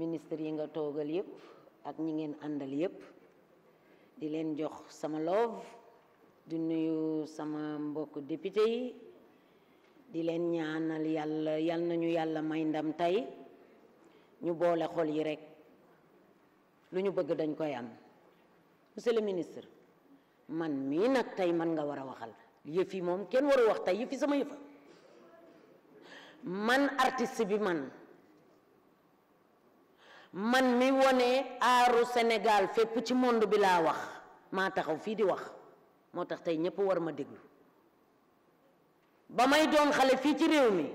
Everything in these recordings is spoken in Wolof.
ministre yi nga togal yépp ak ñi ngeen andal yépp di leen jox sama love di nuyu sama mbokk député yi di leen ñaanal yalla yal nañu yalla may ndam tay ñu boole xol yi rek lu ñu bëgg dañ koy am monsieur le ministre man minak nak tay man nga wara waxal yeufi mom moom kenn wax tay yeufi sama yeufa man artiste bi man man mi wone aaru senegaal fépp ci monde bi laa wax maa taxaw fii di wax moo tax tey ñépp war ma déglu ba may doon xale fii ci réew mi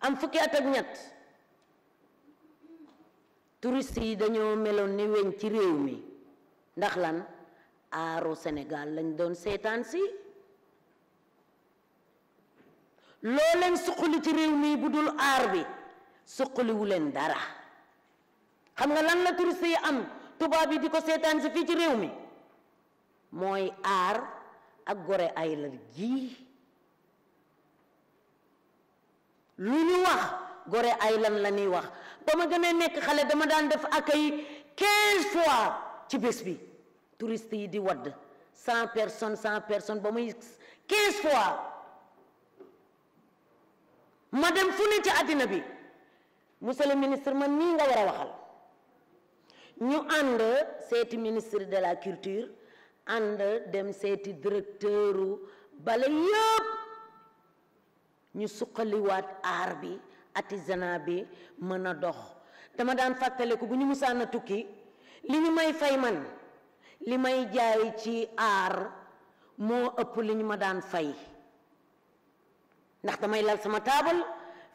am fukki at ak ñett touriste yi dañoo meloon ni weñ ci réew mi ndax lan aaru senegaal lañ doon seetaan si loo leen suqali ci réew mi bu dul aar bi suqaliwu leen dara xam nga lan la touriste yi am tuba bi di setan ci fi ci rew mi moy ar ak gore ay la gii lu ñu wax gore ay lan la ni wax ba ma gën a dama daan def akay 15 fois ci bés bi touriste yi di wad, 100 personnes 100 personnes ba muy quinze fois ma dem fu ne ci adina bi monsieur le ministre man nii nga wara waxal ñu ànd seeti ministre de la culture ànd dem seeti directeuru bale yëpp ñu suqaliwaat aar bi artisanat bi mën a dox dama daan fàttaliku bu ñu musaan tukki li ñu may fay man li may jaay ci aar moo ëpp li ñu ma daan fay ndax damay lal sama taabal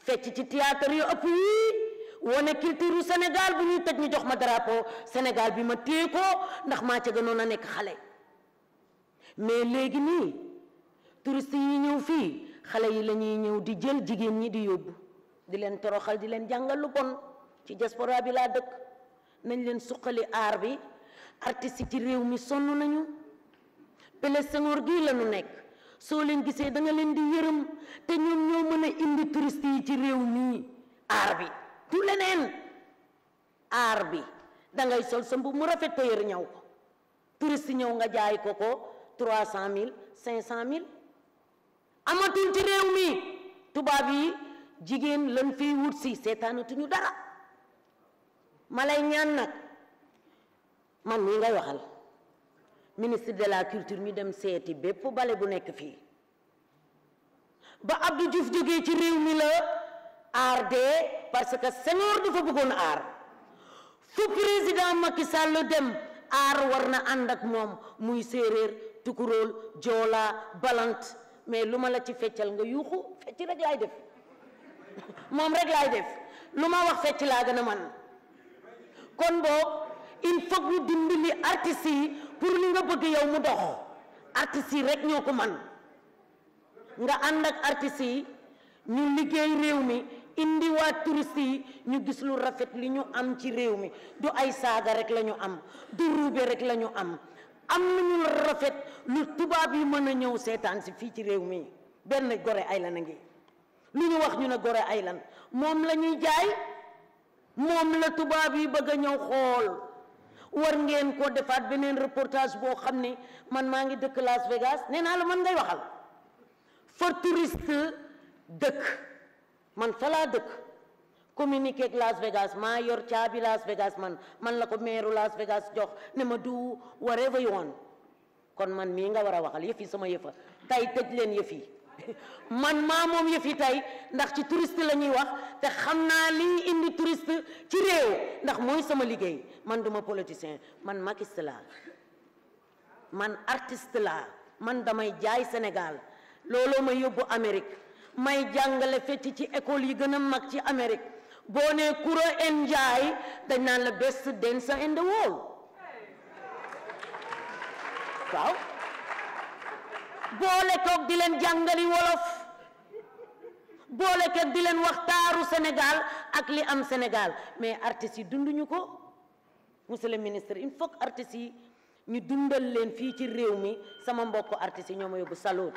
fecc ci théâtre yu ëpp yii wane culture Sénégal bu ñuy tëj ñu jox ma drapeau Sénégal bi ma téye ko ndax maa ca gënoon a nekk xale mais léegi nii touriste yi ñëw fii xale yi lañuy ñëw di jël jigéen ñi di yóbbu di leen toroxal di leen jàngal lu bon ci diaspora bi laa dëkk nañ leen suqali aar bi artiste ci réew mi sonn nañu Pélé Senghor gii la ñu nekk soo leen gisee danga leen di yërëm te ñoom ñoo mën a indi touriste yi ci réew mi aar bi du leneen aar bi da sol sa mbubb mu rafet tailleur ñaw ko touriste ñëw nga jaay ko ko trois cent mille cinq cent mille amatul ci réew mi tubaab yi jigéen lan fiy wut si seetaanatuñu dara ma lay ñaan nag man mii ngay waxal ministre de la culture ñu dem seeti bépp bale bu nekk fii ba Abdou Diouf jógee ci réew mi la aar dee parce que Senghor dafa bëggoon aar fu président Macky sàll dem aar war na ànd ak moom muy séeréer tukurool joolaa balant mais lu ma la ci feccal nga yuuxu fecc rek laay def moom rek laay def lu ma wax fecc laa gën a man kon boobu il faut ñu dimbali artistes yi pour li nga bëgg yow mu dox artistes yi rek ñoo ko man nga ànd ak artistes yi ñu liggéey réew mi indi wa nyugis ñu gis lu rafet li ñu am ci réew mi du ay saga rek lañu am du ruube rek lañu am am ñu rafet lu tuba bi mëna a ñëw seetaan si fii ci réew mi benn goré Island a ngi lu ñu wax ñu na goré Island lan mom lañuy jaay mom la tuba bi bëgg ñëw xool war ngeen ko defaat benen reportage bo xamni man mangi ngi dëkk Las Vegas nee la man ngay waxal fa touriste man fa dëkk communiqué ak Las Vegas maa yor caabi Las Vegas man man la ko meeru Las Vegas jox ne ma du whatever you want kon man mii nga war a waxal yëf yi sama yëfa tey tëj leen yëf yi man maa moom yëf yi tey ndax ci touriste la ñuy wax te xam naa lii indi tourist ci réew ndax mooy sama liggéey man duma politicien man makiste laa man artiste laa man damay jaay Sénégal looloo ma yóbbu Amérique may jangale fecc ci école yi gëna mag ci amerique boo nee Kura Njaay dañ nan la best dancer in the world waaw boole tok di len jangali wolof boole ke di leen waxtaaru Sénégal ak li am Sénégal mais artiste yi dunduñu ko monsieur le ministre il faut que artistes yi ñu dundal len fi ci réew mi sama mbokk artiste yi ñoo ma salut